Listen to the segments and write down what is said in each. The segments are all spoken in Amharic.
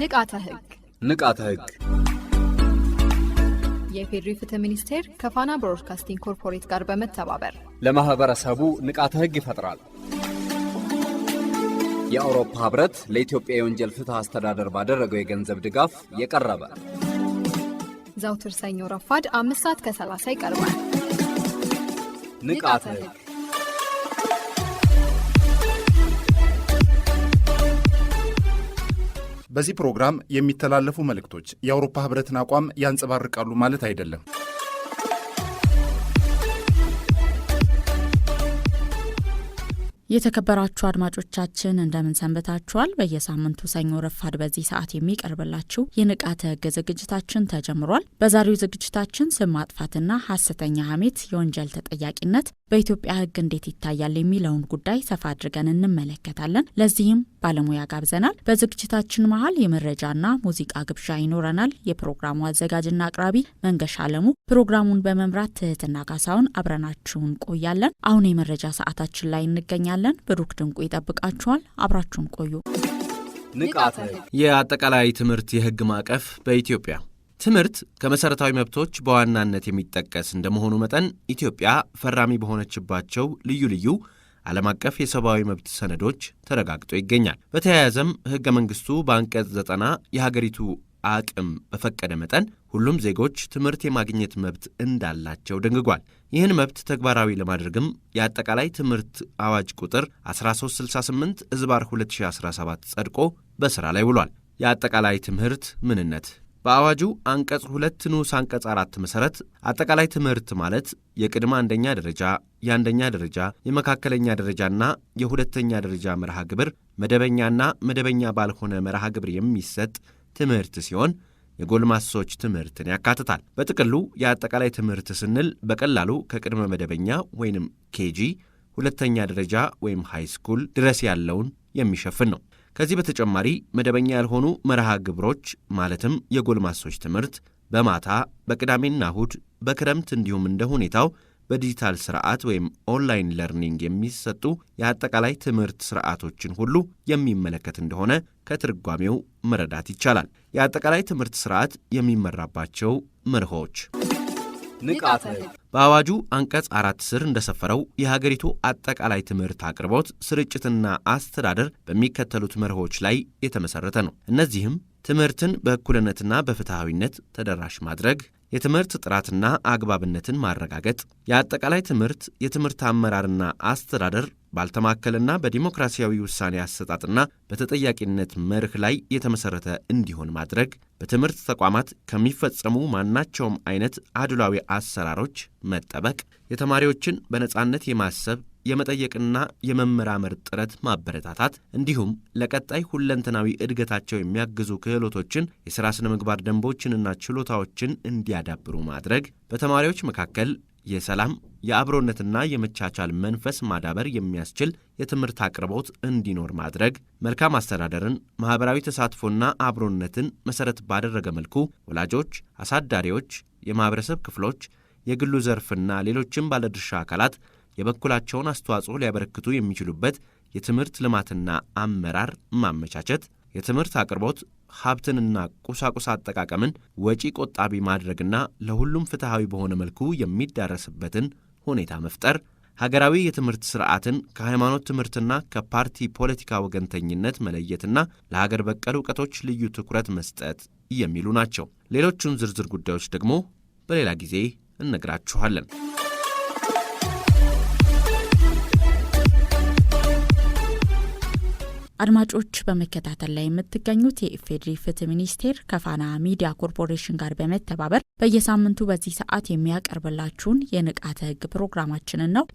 ንቃተ ህግ ንቃተ ህግ የፌዴሪ ፍትህ ሚኒስቴር ከፋና ብሮድካስቲንግ ኮርፖሬት ጋር በመተባበር ለማህበረሰቡ ንቃተ ህግ ይፈጥራል። የአውሮፓ ህብረት ለኢትዮጵያ የወንጀል ፍትህ አስተዳደር ባደረገው የገንዘብ ድጋፍ የቀረበ ዘውትር ሰኞ ረፋድ አምስት ሰዓት ከ30 ይቀርባል። ንቃተ ህግ በዚህ ፕሮግራም የሚተላለፉ መልእክቶች የአውሮፓ ህብረትን አቋም ያንጸባርቃሉ ማለት አይደለም። የተከበራችሁ አድማጮቻችን እንደምን ሰንብታችኋል? በየሳምንቱ ሰኞ ረፋድ በዚህ ሰዓት የሚቀርብላችሁ የንቃተ ህግ ዝግጅታችን ተጀምሯል። በዛሬው ዝግጅታችን ስም ማጥፋትና ሐሰተኛ ሐሜት የወንጀል ተጠያቂነት በኢትዮጵያ ሕግ እንዴት ይታያል የሚለውን ጉዳይ ሰፋ አድርገን እንመለከታለን። ለዚህም ባለሙያ ጋብዘናል። በዝግጅታችን መሀል የመረጃና ሙዚቃ ግብዣ ይኖረናል። የፕሮግራሙ አዘጋጅና አቅራቢ መንገሻ አለሙ፣ ፕሮግራሙን በመምራት ትህትና ካሳሁን፣ አብረናችሁን ቆያለን። አሁን የመረጃ ሰዓታችን ላይ እንገኛለን። ብሩክ ድንቁ ይጠብቃችኋል። አብራችሁን ቆዩ። ንቃተ የአጠቃላይ ትምህርት የህግ ማዕቀፍ በኢትዮጵያ ትምህርት ከመሠረታዊ መብቶች በዋናነት የሚጠቀስ እንደመሆኑ መጠን ኢትዮጵያ ፈራሚ በሆነችባቸው ልዩ ልዩ ዓለም አቀፍ የሰብአዊ መብት ሰነዶች ተረጋግጦ ይገኛል። በተያያዘም ሕገ መንግሥቱ በአንቀጽ ዘጠና የሀገሪቱ አቅም በፈቀደ መጠን ሁሉም ዜጎች ትምህርት የማግኘት መብት እንዳላቸው ደንግጓል። ይህን መብት ተግባራዊ ለማድረግም የአጠቃላይ ትምህርት አዋጅ ቁጥር 1368 እዝባር 2017 ጸድቆ በሥራ ላይ ውሏል። የአጠቃላይ ትምህርት ምንነት በአዋጁ አንቀጽ ሁለት ንዑስ አንቀጽ አራት መሠረት አጠቃላይ ትምህርት ማለት የቅድመ አንደኛ ደረጃ፣ የአንደኛ ደረጃ፣ የመካከለኛ ደረጃና የሁለተኛ ደረጃ መርሃ ግብር መደበኛና መደበኛ ባልሆነ መርሃ ግብር የሚሰጥ ትምህርት ሲሆን የጎልማሶች ትምህርትን ያካትታል። በጥቅሉ የአጠቃላይ ትምህርት ስንል በቀላሉ ከቅድመ መደበኛ ወይንም ኬጂ ሁለተኛ ደረጃ ወይም ስኩል ድረስ ያለውን የሚሸፍን ነው። ከዚህ በተጨማሪ መደበኛ ያልሆኑ መርሃ ግብሮች ማለትም የጎልማሶች ትምህርት በማታ በቅዳሜና እሁድ በክረምት እንዲሁም እንደ ሁኔታው በዲጂታል ስርዓት ወይም ኦንላይን ለርኒንግ የሚሰጡ የአጠቃላይ ትምህርት ስርዓቶችን ሁሉ የሚመለከት እንደሆነ ከትርጓሜው መረዳት ይቻላል። የአጠቃላይ ትምህርት ስርዓት የሚመራባቸው መርሆች ንቃት ነው። በአዋጁ አንቀጽ አራት ስር እንደሰፈረው የሀገሪቱ አጠቃላይ ትምህርት አቅርቦት፣ ስርጭትና አስተዳደር በሚከተሉት መርሆች ላይ የተመሰረተ ነው። እነዚህም ትምህርትን በእኩልነትና በፍትሐዊነት ተደራሽ ማድረግ፣ የትምህርት ጥራትና አግባብነትን ማረጋገጥ፣ የአጠቃላይ ትምህርት የትምህርት አመራርና አስተዳደር ባልተማከለና በዲሞክራሲያዊ ውሳኔ አሰጣጥና በተጠያቂነት መርህ ላይ የተመሠረተ እንዲሆን ማድረግ፣ በትምህርት ተቋማት ከሚፈጸሙ ማናቸውም አይነት አድሏዊ አሰራሮች መጠበቅ፣ የተማሪዎችን በነጻነት የማሰብ የመጠየቅና የመመራመር ጥረት ማበረታታት እንዲሁም ለቀጣይ ሁለንተናዊ እድገታቸው የሚያግዙ ክህሎቶችን፣ የሥራ ሥነ ምግባር ደንቦችንና ችሎታዎችን እንዲያዳብሩ ማድረግ፣ በተማሪዎች መካከል የሰላም የአብሮነትና የመቻቻል መንፈስ ማዳበር የሚያስችል የትምህርት አቅርቦት እንዲኖር ማድረግ፣ መልካም አስተዳደርን፣ ማኅበራዊ ተሳትፎና አብሮነትን መሠረት ባደረገ መልኩ ወላጆች፣ አሳዳሪዎች፣ የማኅበረሰብ ክፍሎች፣ የግሉ ዘርፍና ሌሎችም ባለድርሻ አካላት የበኩላቸውን አስተዋጽኦ ሊያበረክቱ የሚችሉበት የትምህርት ልማትና አመራር ማመቻቸት፣ የትምህርት አቅርቦት፣ ሀብትንና ቁሳቁስ አጠቃቀምን ወጪ ቆጣቢ ማድረግና ለሁሉም ፍትሐዊ በሆነ መልኩ የሚዳረስበትን ሁኔታ መፍጠር፣ ሀገራዊ የትምህርት ስርዓትን ከሃይማኖት ትምህርትና ከፓርቲ ፖለቲካ ወገንተኝነት መለየትና ለሀገር በቀል እውቀቶች ልዩ ትኩረት መስጠት የሚሉ ናቸው። ሌሎቹን ዝርዝር ጉዳዮች ደግሞ በሌላ ጊዜ እነግራችኋለን። አድማጮች በመከታተል ላይ የምትገኙት የኢፌዴሪ ፍትህ ሚኒስቴር ከፋና ሚዲያ ኮርፖሬሽን ጋር በመተባበር በየሳምንቱ በዚህ ሰዓት የሚያቀርብላችሁን የንቃተ ህግ ፕሮግራማችንን ነው።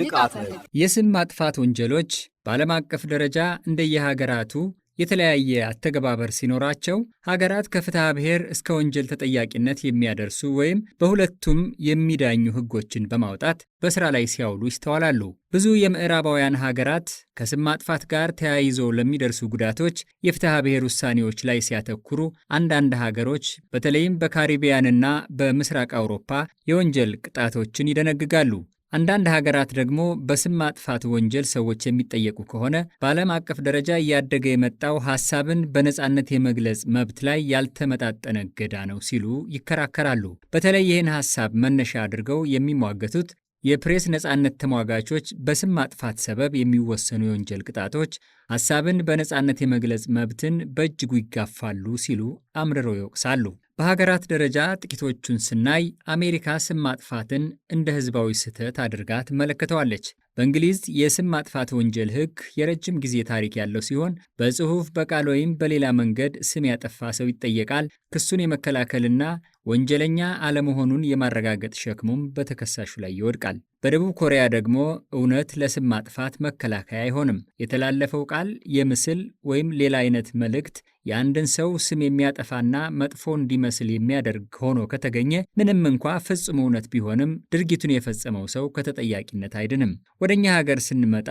ንቃተ ህግ የስም ማጥፋት ወንጀሎች በዓለም አቀፍ ደረጃ እንደየሀገራቱ የተለያየ አተገባበር ሲኖራቸው ሀገራት ከፍትሐ ብሔር እስከ ወንጀል ተጠያቂነት የሚያደርሱ ወይም በሁለቱም የሚዳኙ ህጎችን በማውጣት በሥራ ላይ ሲያውሉ ይስተዋላሉ። ብዙ የምዕራባውያን ሀገራት ከስም ማጥፋት ጋር ተያይዞ ለሚደርሱ ጉዳቶች የፍትሐ ብሔር ውሳኔዎች ላይ ሲያተኩሩ፣ አንዳንድ ሀገሮች በተለይም በካሪቢያንና በምስራቅ አውሮፓ የወንጀል ቅጣቶችን ይደነግጋሉ። አንዳንድ ሀገራት ደግሞ በስም ማጥፋት ወንጀል ሰዎች የሚጠየቁ ከሆነ በዓለም አቀፍ ደረጃ እያደገ የመጣው ሀሳብን በነፃነት የመግለጽ መብት ላይ ያልተመጣጠነ እገዳ ነው ሲሉ ይከራከራሉ። በተለይ ይህን ሀሳብ መነሻ አድርገው የሚሟገቱት የፕሬስ ነፃነት ተሟጋቾች በስም ማጥፋት ሰበብ የሚወሰኑ የወንጀል ቅጣቶች ሐሳብን በነፃነት የመግለጽ መብትን በእጅጉ ይጋፋሉ ሲሉ አምርረው ይወቅሳሉ። በሀገራት ደረጃ ጥቂቶቹን ስናይ አሜሪካ ስም ማጥፋትን እንደ ሕዝባዊ ስህተት አድርጋ ትመለከተዋለች። በእንግሊዝ የስም ማጥፋት ወንጀል ሕግ የረጅም ጊዜ ታሪክ ያለው ሲሆን በጽሑፍ በቃል ወይም በሌላ መንገድ ስም ያጠፋ ሰው ይጠየቃል። ክሱን የመከላከልና ወንጀለኛ አለመሆኑን የማረጋገጥ ሸክሙም በተከሳሹ ላይ ይወድቃል። በደቡብ ኮሪያ ደግሞ እውነት ለስም ማጥፋት መከላከያ አይሆንም። የተላለፈው ቃል የምስል ወይም ሌላ አይነት መልእክት የአንድን ሰው ስም የሚያጠፋና መጥፎ እንዲመስል የሚያደርግ ሆኖ ከተገኘ ምንም እንኳ ፍጹም እውነት ቢሆንም ድርጊቱን የፈጸመው ሰው ከተጠያቂነት አይድንም። ወደ እኛ ሀገር ስንመጣ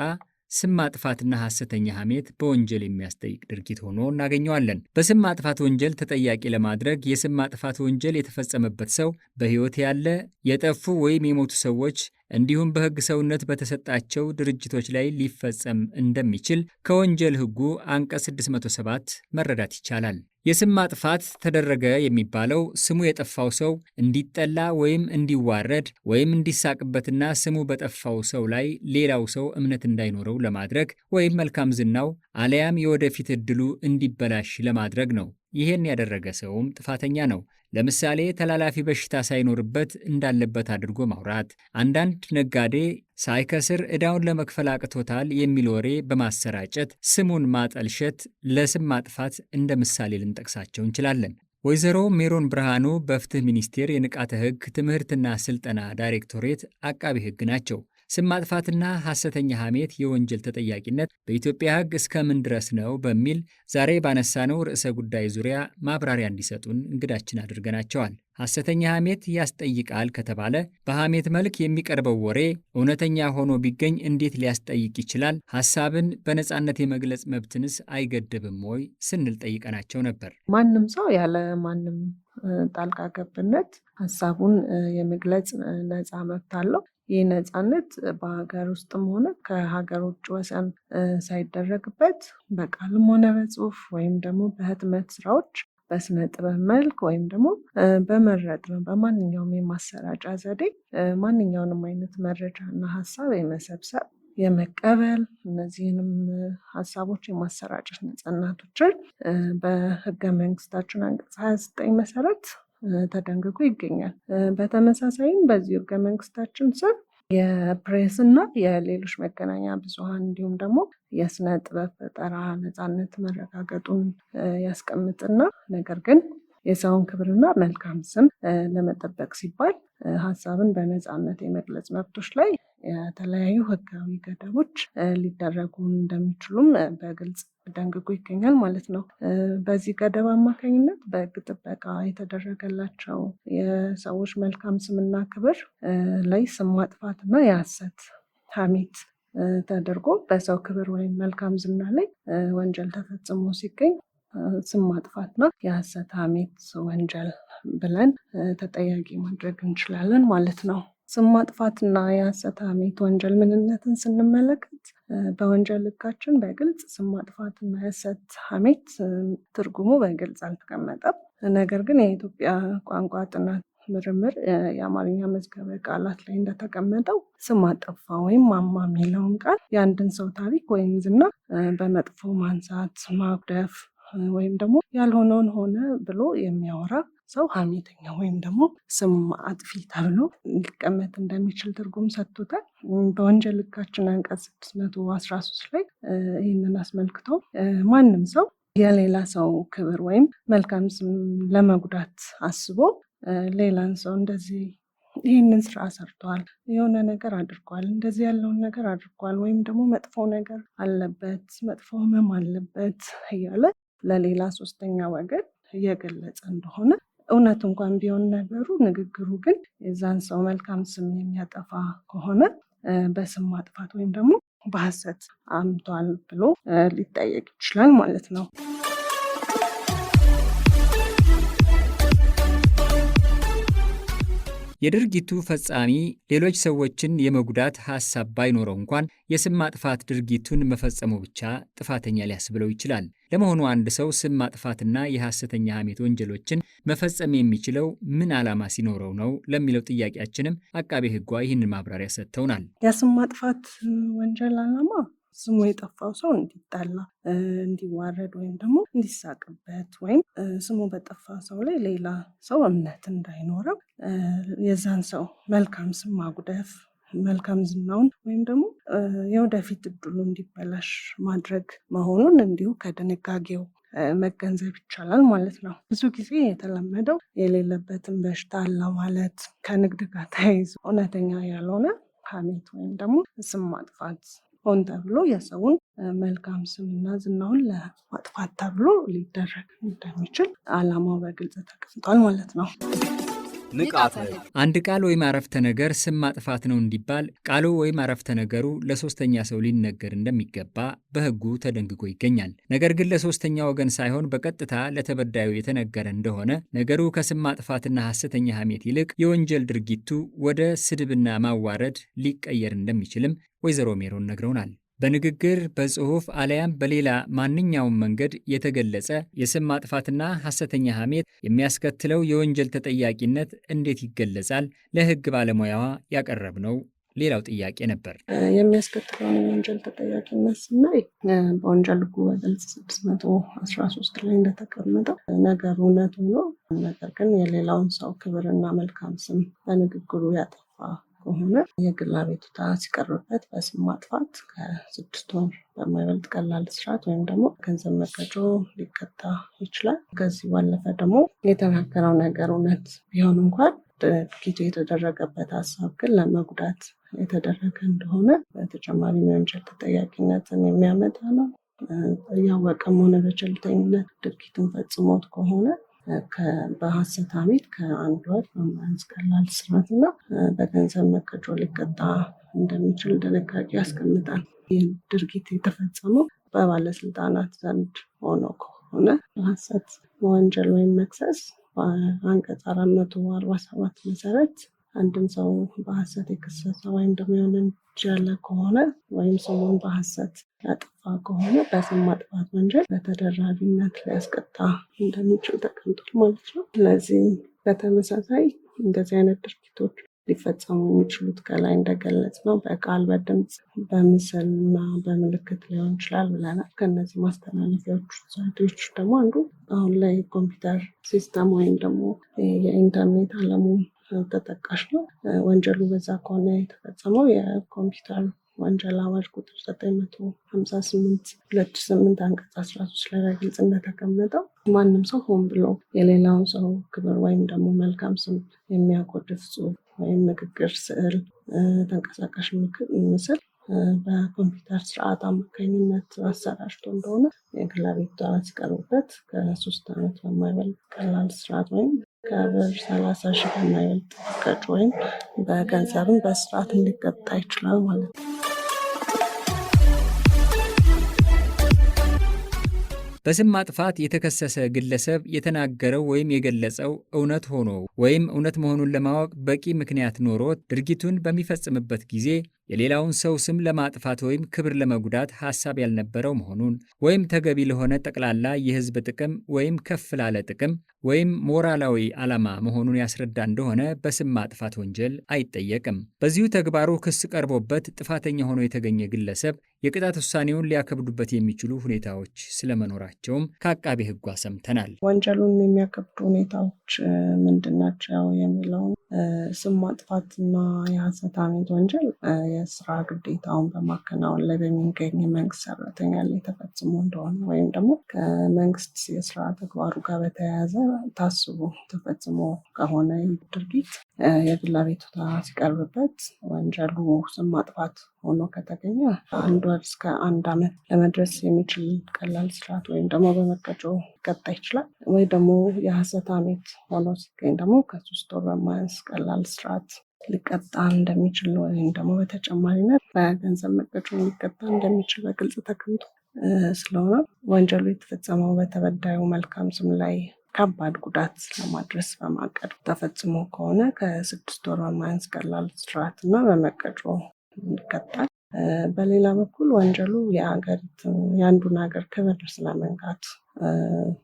ስም ማጥፋትና ሐሰተኛ ሐሜት በወንጀል የሚያስጠይቅ ድርጊት ሆኖ እናገኘዋለን። በስም ማጥፋት ወንጀል ተጠያቂ ለማድረግ የስም ማጥፋት ወንጀል የተፈጸመበት ሰው በሕይወት ያለ፣ የጠፉ ወይም የሞቱ ሰዎች እንዲሁም በሕግ ሰውነት በተሰጣቸው ድርጅቶች ላይ ሊፈጸም እንደሚችል ከወንጀል ሕጉ አንቀጽ 607 መረዳት ይቻላል። የስም ማጥፋት ተደረገ የሚባለው ስሙ የጠፋው ሰው እንዲጠላ ወይም እንዲዋረድ ወይም እንዲሳቅበትና ስሙ በጠፋው ሰው ላይ ሌላው ሰው እምነት እንዳይኖረው ለማድረግ ወይም መልካም ዝናው አለያም የወደፊት ዕድሉ እንዲበላሽ ለማድረግ ነው። ይህን ያደረገ ሰውም ጥፋተኛ ነው። ለምሳሌ ተላላፊ በሽታ ሳይኖርበት እንዳለበት አድርጎ ማውራት፣ አንዳንድ ነጋዴ ሳይከስር ዕዳውን ለመክፈል አቅቶታል የሚል ወሬ በማሰራጨት ስሙን ማጠልሸት፣ ለስም ማጥፋት እንደ ምሳሌ ልንጠቅሳቸው እንችላለን። ወይዘሮ ሜሮን ብርሃኑ በፍትህ ሚኒስቴር የንቃተ ህግ ትምህርትና ስልጠና ዳይሬክቶሬት አቃቢ ህግ ናቸው። ስም ማጥፋትና ሐሰተኛ ሐሜት የወንጀል ተጠያቂነት በኢትዮጵያ ሕግ እስከምን ድረስ ነው በሚል ዛሬ ባነሳነው ርዕሰ ጉዳይ ዙሪያ ማብራሪያ እንዲሰጡን እንግዳችን አድርገናቸዋል። ሐሰተኛ ሐሜት ያስጠይቃል ከተባለ በሐሜት መልክ የሚቀርበው ወሬ እውነተኛ ሆኖ ቢገኝ እንዴት ሊያስጠይቅ ይችላል? ሐሳብን በነጻነት የመግለጽ መብትንስ አይገድብም ወይ ስንል ጠይቀናቸው ነበር። ማንም ሰው ያለ ማንም ጣልቃ ገብነት ሀሳቡን የመግለጽ ነፃ መብት አለው። ይህ ነፃነት በሀገር ውስጥም ሆነ ከሀገር ውጭ ወሰን ሳይደረግበት በቃልም ሆነ በጽሁፍ ወይም ደግሞ በህትመት ስራዎች በስነ ጥበብ መልክ ወይም ደግሞ በመረጥ ነው በማንኛውም የማሰራጫ ዘዴ ማንኛውንም አይነት መረጃ እና ሀሳብ የመሰብሰብ የመቀበል እነዚህንም ሀሳቦች የማሰራጨት ነፃነቶችን በህገ መንግስታችን አንቀጽ 29 መሰረት ተደንግጎ ይገኛል። በተመሳሳይም በዚህ ህገ መንግስታችን ስር የፕሬስ እና የሌሎች መገናኛ ብዙሀን እንዲሁም ደግሞ የስነ ጥበብ ፈጠራ ነፃነት መረጋገጡን ያስቀምጥና ነገር ግን የሰውን ክብርና መልካም ስም ለመጠበቅ ሲባል ሀሳብን በነፃነት የመግለጽ መብቶች ላይ የተለያዩ ህጋዊ ገደቦች ሊደረጉ እንደሚችሉም በግልጽ ደንግጎ ይገኛል ማለት ነው። በዚህ ገደብ አማካኝነት በህግ ጥበቃ የተደረገላቸው የሰዎች መልካም ስምና ክብር ላይ ስም ማጥፋት እና የሐሰት ሐሜት ተደርጎ በሰው ክብር ወይም መልካም ዝና ላይ ወንጀል ተፈጽሞ ሲገኝ ስም ማጥፋት እና የሐሰት ሐሜት ወንጀል ብለን ተጠያቂ ማድረግ እንችላለን ማለት ነው። ስም ማጥፋትና የሐሰት ሐሜት ወንጀል ምንነትን ስንመለከት በወንጀል ሕጋችን በግልጽ ስም ማጥፋትና የሐሰት ሐሜት ትርጉሙ በግልጽ አልተቀመጠም። ነገር ግን የኢትዮጵያ ቋንቋ ጥናት ምርምር የአማርኛ መዝገበ ቃላት ላይ እንደተቀመጠው ስም አጠፋ ወይም ማማ የሚለውን ቃል የአንድን ሰው ታሪክ ወይም ዝና በመጥፎ ማንሳት፣ ማጉደፍ ወይም ደግሞ ያልሆነውን ሆነ ብሎ የሚያወራ ሰው ሀሜተኛ ወይም ደግሞ ስም አጥፊ ተብሎ ሊቀመጥ እንደሚችል ትርጉም ሰጥቶታል። በወንጀል ሕጋችን አንቀጽ ስድስት መቶ አስራ ሶስት ላይ ይህንን አስመልክቶ ማንም ሰው የሌላ ሰው ክብር ወይም መልካም ስም ለመጉዳት አስቦ ሌላን ሰው እንደዚህ ይህንን ስራ ሰርቷል፣ የሆነ ነገር አድርጓል፣ እንደዚህ ያለውን ነገር አድርጓል፣ ወይም ደግሞ መጥፎ ነገር አለበት፣ መጥፎ ህመም አለበት እያለ ለሌላ ሶስተኛ ወገን እየገለጸ እንደሆነ እውነት እንኳን ቢሆን ነገሩ ንግግሩ ግን የዛን ሰው መልካም ስም የሚያጠፋ ከሆነ በስም ማጥፋት ወይም ደግሞ በሐሰት አምቷል ብሎ ሊጠየቅ ይችላል ማለት ነው። የድርጊቱ ፈጻሚ ሌሎች ሰዎችን የመጉዳት ሐሳብ ባይኖረው እንኳን የስም ማጥፋት ድርጊቱን መፈጸሙ ብቻ ጥፋተኛ ሊያስብለው ይችላል። ለመሆኑ አንድ ሰው ስም ማጥፋትና የሐሰተኛ ሐሜት ወንጀሎችን መፈጸም የሚችለው ምን ዓላማ ሲኖረው ነው ለሚለው ጥያቄያችንም አቃቤ ሕጓ ይህንን ማብራሪያ ሰጥተውናል። የስም ማጥፋት ወንጀል ዓላማ ስሙ የጠፋው ሰው እንዲጣላ፣ እንዲዋረድ ወይም ደግሞ እንዲሳቅበት ወይም ስሙ በጠፋ ሰው ላይ ሌላ ሰው እምነት እንዳይኖረው የዛን ሰው መልካም ስም ማጉደፍ መልካም ዝናውን ወይም ደግሞ የወደፊት እድሉ እንዲበላሽ ማድረግ መሆኑን እንዲሁ ከድንጋጌው መገንዘብ ይቻላል ማለት ነው። ብዙ ጊዜ የተለመደው የሌለበትን በሽታ አለ ማለት ከንግድ ጋር ተያይዞ እውነተኛ ያልሆነ ሐሜት ወይም ደግሞ ስም ማጥፋት ሆን ተብሎ የሰውን መልካም ስምና ዝናውን ለማጥፋት ተብሎ ሊደረግ እንደሚችል አላማው በግልጽ ተቀምጧል ማለት ነው። ንቃተ አንድ ቃል ወይም አረፍተ ነገር ስም ማጥፋት ነው እንዲባል ቃሉ ወይም አረፍተ ነገሩ ለሶስተኛ ሰው ሊነገር እንደሚገባ በሕጉ ተደንግጎ ይገኛል። ነገር ግን ለሶስተኛ ወገን ሳይሆን በቀጥታ ለተበዳዩ የተነገረ እንደሆነ ነገሩ ከስም ማጥፋትና ሐሰተኛ ሐሜት ይልቅ የወንጀል ድርጊቱ ወደ ስድብና ማዋረድ ሊቀየር እንደሚችልም ወይዘሮ ሜሮን ነግረውናል። በንግግር በጽሑፍ አለያም በሌላ ማንኛውም መንገድ የተገለጸ የስም ማጥፋትና ሐሰተኛ ሐሜት የሚያስከትለው የወንጀል ተጠያቂነት እንዴት ይገለጻል? ለሕግ ባለሙያዋ ያቀረብነው ሌላው ጥያቄ ነበር። የሚያስከትለውን የወንጀል ተጠያቂነት ስናይ በወንጀል ሕጉ በገጽ ስድስት መቶ አስራ ሶስት ላይ እንደተቀመጠው ነገሩ እውነት ሆኖ ነገር ግን የሌላውን ሰው ክብርና መልካም ስም በንግግሩ ያጠፋ ከሆነ የግል አቤቱታ ሲቀርብበት በስም ማጥፋት ከስድስት ወር በማይበልጥ ቀላል እስራት ወይም ደግሞ ገንዘብ መቀጮ ሊቀጣ ይችላል። ከዚህ ባለፈ ደግሞ የተናገረው ነገር እውነት ቢሆን እንኳን ድርጊቱ የተደረገበት ሀሳብ ግን ለመጉዳት የተደረገ እንደሆነ በተጨማሪ የወንጀል ተጠያቂነትን የሚያመጣ ነው። እያወቀም ሆነ በቸልተኝነት ድርጊቱን ፈጽሞት ከሆነ በሀሰት አመት ከአንድ ወር በማያንስ ቀላል እስራት እና በገንዘብ መቀጮ ሊቀጣ እንደሚችል ድንጋጌ ያስቀምጣል። ይህ ድርጊት የተፈጸመው በባለስልጣናት ዘንድ ሆኖ ከሆነ በሀሰት ወንጀል ወይም መክሰስ በአንቀጽ አራት መቶ አርባ ሰባት መሰረት አንድም ሰው በሀሰት የከሰሰ ወይም ደግሞ የሆነን ያለ ከሆነ ወይም ስሙን በሐሰት ያጠፋ ከሆነ በስም ማጥፋት ወንጀል በተደራቢነት ሊያስቀጣ እንደሚችል ተቀምጧል ማለት ነው። ስለዚህ በተመሳሳይ እንደዚህ አይነት ድርጊቶች ሊፈጸሙ የሚችሉት ከላይ እንደገለጽ ነው በቃል በድምፅ በምስልና በምልክት ሊሆን ይችላል ብለናል። ከነዚህ ማስተላለፊያዎች ዘዴዎች ደግሞ አንዱ አሁን ላይ ኮምፒውተር ሲስተም ወይም ደግሞ የኢንተርኔት አለሙ። ተጠቃሽ ነው። ወንጀሉ በዛ ከሆነ የተፈጸመው የኮምፒውተር ወንጀል አዋጅ ቁጥር ዘጠኝ መቶ ሀምሳ ስምንት ሁለት ስምንት አንቀጽ አስራ ሶስት ላይ በግልጽ እንደተቀመጠው ማንም ሰው ሆን ብሎ የሌላውን ሰው ክብር ወይም ደግሞ መልካም ስም የሚያጎድፍ ጽሁፍ ወይም ንግግር፣ ስዕል፣ ተንቀሳቃሽ ምስል በኮምፒውተር ስርዓት አማካኝነት አሰራጭቶ እንደሆነ የግላ አቤቱታን ሲቀርቡበት ከሶስት ዓመት በማይበልጥ ቀላል ስርዓት ወይም ከብር ሰላሳ ሺህ በማይበልጥ ቅጣት ወይም በገንዘብም በእስራት ሊቀጣ ይችላል ማለት ነው። በስም ማጥፋት የተከሰሰ ግለሰብ የተናገረው ወይም የገለጸው እውነት ሆኖ ወይም እውነት መሆኑን ለማወቅ በቂ ምክንያት ኖሮት ድርጊቱን በሚፈጽምበት ጊዜ የሌላውን ሰው ስም ለማጥፋት ወይም ክብር ለመጉዳት ሐሳብ ያልነበረው መሆኑን ወይም ተገቢ ለሆነ ጠቅላላ የሕዝብ ጥቅም ወይም ከፍ ላለ ጥቅም ወይም ሞራላዊ ዓላማ መሆኑን ያስረዳ እንደሆነ በስም ማጥፋት ወንጀል አይጠየቅም። በዚሁ ተግባሩ ክስ ቀርቦበት ጥፋተኛ ሆኖ የተገኘ ግለሰብ የቅጣት ውሳኔውን ሊያከብዱበት የሚችሉ ሁኔታዎች ስለመኖራቸውም ከአቃቤ ህጉ ሰምተናል። ወንጀሉን የሚያከብዱ ሁኔታዎች ምንድናቸው የሚለውን ስም ማጥፋትና የሐሰት አመት ወንጀል የስራ ግዴታውን በማከናወን ላይ በሚገኝ የመንግስት ሰራተኛ ላይ ተፈጽሞ እንደሆነ ወይም ደግሞ ከመንግስት የስራ ተግባሩ ጋር በተያያዘ ታስቦ ተፈጽሞ ከሆነ ድርጊት የግል አቤቱታ ሲቀርብበት ወንጀሉ ስም ማጥፋት ሆኖ ከተገኘ አንድ ወር እስከ አንድ አመት ለመድረስ የሚችል ቀላል ስርዓት ወይም ደግሞ በመቀጮ ሊቀጣ ይችላል። ወይ ደግሞ የሀሰት አሜት ሆኖ ሲገኝ ደግሞ ከሶስት ወር በማያንስ ቀላል ስርዓት ሊቀጣ እንደሚችል ወይም ደግሞ በተጨማሪነት በገንዘብ መቀጮ ሊቀጣ እንደሚችል በግልጽ ተቀምጦ ስለሆነ ወንጀሉ የተፈጸመው በተበዳዩ መልካም ስም ላይ ከባድ ጉዳት ለማድረስ በማቀድ ተፈጽሞ ከሆነ ከስድስት ወር በማያንስ ቀላል እስራት እና በመቀጮ ይቀጣል። በሌላ በኩል ወንጀሉ የአንዱን ሀገር ክብር ስለመንካት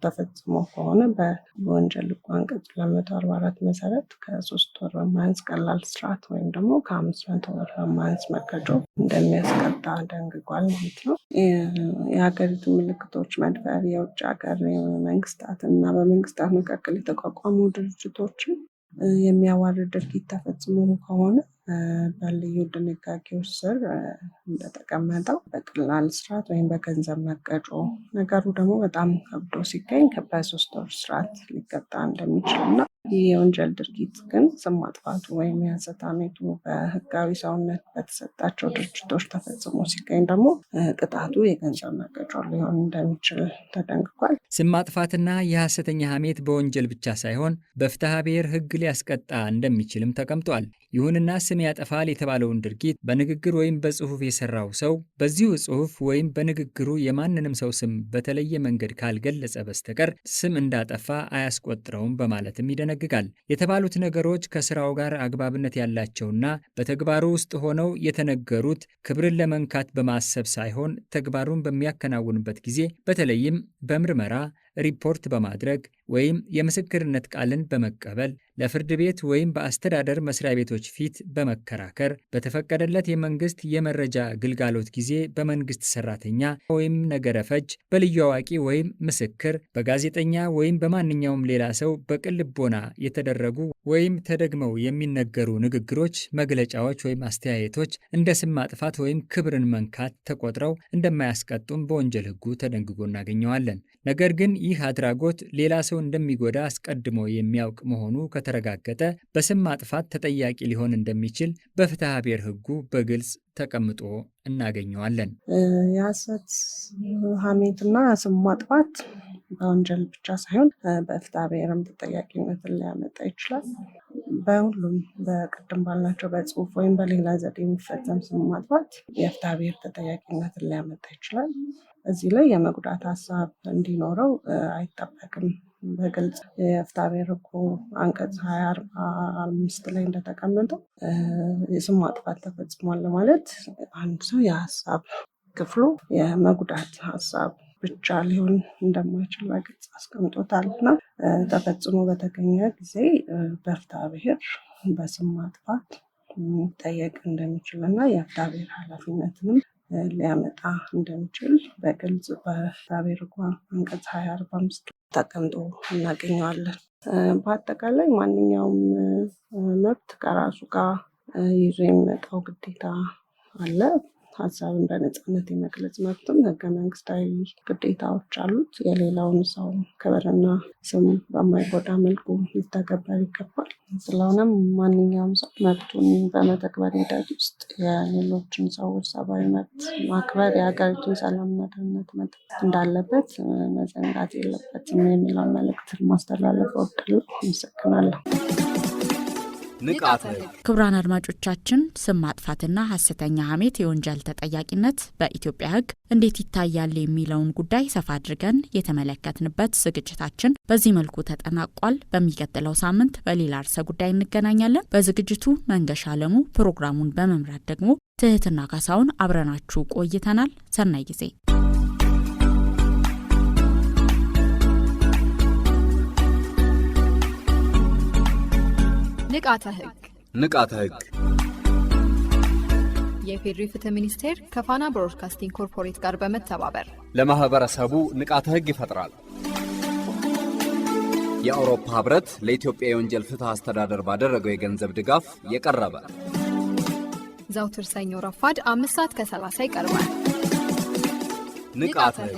ተፈጽሞ ከሆነ በወንጀል ሕጉ አንቀጽ ሁለት አርባ አራት መሰረት ከሶስት ወር በማያንስ ቀላል እስራት ወይም ደግሞ ከአምስት መቶ ወር በማያንስ መቀጮ እንደሚያስቀጣ ደንግጓል ማለት ነው። የሀገሪቱ ምልክቶች መድፈር፣ የውጭ ሀገር መንግስታት እና በመንግስታት መካከል የተቋቋሙ ድርጅቶችን የሚያዋርድ ድርጊት ተፈጽሞ ከሆነ በልዩ ድንጋጌዎች ስር እንደተቀመጠው በቀላል እስራት ወይም በገንዘብ መቀጮ ነገሩ ደግሞ በጣም ከብዶ ሲገኝ በሶስት ወር እስራት ሊቀጣ እንደሚችል እና ይህ የወንጀል ድርጊት ግን ስም ማጥፋቱ ወይም የሐሰት ሐሜቱ በህጋዊ ሰውነት በተሰጣቸው ድርጅቶች ተፈጽሞ ሲገኝ ደግሞ ቅጣቱ የገንዘብ መቀጮ ሊሆን እንደሚችል ተደንግጓል። ስም ማጥፋትና የሐሰተኛ ሐሜት በወንጀል ብቻ ሳይሆን በፍትሐ ብሔር ህግ ሊያስቀጣ እንደሚችልም ተቀምጧል። ይሁንና ስም ዓለም ያጠፋል የተባለውን ድርጊት በንግግር ወይም በጽሑፍ የሰራው ሰው በዚሁ ጽሑፍ ወይም በንግግሩ የማንንም ሰው ስም በተለየ መንገድ ካልገለጸ በስተቀር ስም እንዳጠፋ አያስቆጥረውም በማለትም ይደነግጋል። የተባሉት ነገሮች ከስራው ጋር አግባብነት ያላቸውና በተግባሩ ውስጥ ሆነው የተነገሩት ክብርን ለመንካት በማሰብ ሳይሆን ተግባሩን በሚያከናውንበት ጊዜ በተለይም በምርመራ ሪፖርት በማድረግ ወይም የምስክርነት ቃልን በመቀበል ለፍርድ ቤት ወይም በአስተዳደር መስሪያ ቤቶች ፊት በመከራከር በተፈቀደለት የመንግስት የመረጃ ግልጋሎት ጊዜ በመንግስት ሰራተኛ ወይም ነገረ ፈጅ፣ በልዩ አዋቂ ወይም ምስክር፣ በጋዜጠኛ ወይም በማንኛውም ሌላ ሰው በቅልቦና የተደረጉ ወይም ተደግመው የሚነገሩ ንግግሮች፣ መግለጫዎች ወይም አስተያየቶች እንደ ስም ማጥፋት ወይም ክብርን መንካት ተቆጥረው እንደማያስቀጡም በወንጀል ህጉ ተደንግጎ እናገኘዋለን። ነገር ግን ይህ አድራጎት ሌላ ሰው እንደሚጎዳ አስቀድሞ የሚያውቅ መሆኑ ከተረጋገጠ በስም ማጥፋት ተጠያቂ ሊሆን እንደሚችል በፍትሐ ብሔር ሕጉ በግልጽ ተቀምጦ እናገኘዋለን። የሐሰት ሐሜትና ስም ማጥፋት በወንጀል ብቻ ሳይሆን በፍትሐ ብሔርም ተጠያቂነትን ሊያመጣ ይችላል። በሁሉም በቅድም ባልናቸው በጽሁፍ ወይም በሌላ ዘዴ የሚፈጸም ስም ማጥፋት የፍትሐ ብሔር ተጠያቂነትን ሊያመጣ ይችላል። እዚህ ላይ የመጉዳት ሀሳብ እንዲኖረው አይጠበቅም። በግልጽ የፍትሐብሔር ሕጉ አንቀጽ ሀያ አርባ አምስት ላይ እንደተቀመጠው የስም ማጥፋት ተፈጽሟል ለማለት አንድ ሰው የሀሳብ ክፍሉ የመጉዳት ሀሳብ ብቻ ሊሆን እንደማይችል በግልጽ አስቀምጦታል እና ተፈጽሞ በተገኘ ጊዜ በፍትሐብሔር በስም ማጥፋት ሊጠየቅ እንደሚችል እና የፍትሐብሔር ኃላፊነትንም ሊያመጣ እንደሚችል በግልጽ በእግዚአብሔር ቋንቋ አንቀጽ ሀያ አርባ አምስት ተቀምጦ እናገኘዋለን። በአጠቃላይ ማንኛውም መብት ከራሱ ጋር ይዞ የሚመጣው ግዴታ አለ። ሀሳብን በነፃነት የመግለጽ መብትም ህገ መንግስታዊ ግዴታዎች አሉት። የሌላውን ሰው ክብርና ስም በማይጎዳ መልኩ ሊተገበር ይገባል። ስለሆነም ማንኛውም ሰው መብቱን በመተግበር ሂደት ውስጥ የሌሎችን ሰዎች ሰብአዊ መብት ማክበር፣ የሀገሪቱን ሰላምና ደህንነት መጠበቅ እንዳለበት መዘንጋት የለበትም የሚለውን መልእክት ማስተላለፍ እወዳለሁ። አመሰግናለሁ። ንቃት ክቡራን አድማጮቻችን ስም ማጥፋትና ሀሰተኛ ሀሜት የወንጀል ተጠያቂነት በኢትዮጵያ ህግ እንዴት ይታያል የሚለውን ጉዳይ ሰፋ አድርገን የተመለከትንበት ዝግጅታችን በዚህ መልኩ ተጠናቋል። በሚቀጥለው ሳምንት በሌላ አርሰ ጉዳይ እንገናኛለን። በዝግጅቱ መንገሻ አለሙ፣ ፕሮግራሙን በመምራት ደግሞ ትህትና ካሳውን አብረናችሁ ቆይተናል። ሰናይ ጊዜ ንቃተ ህግ ንቃተ ህግ የፌዴሪ ፍትህ ሚኒስቴር ከፋና ብሮድካስቲንግ ኮርፖሬት ጋር በመተባበር ለማህበረሰቡ ንቃተ ህግ ይፈጥራል። የአውሮፓ ህብረት ለኢትዮጵያ የወንጀል ፍትህ አስተዳደር ባደረገው የገንዘብ ድጋፍ የቀረበ ዘውትር ሰኞ ረፋድ አምስት ሰዓት ከ30 ይቀርባል። ንቃተ ህግ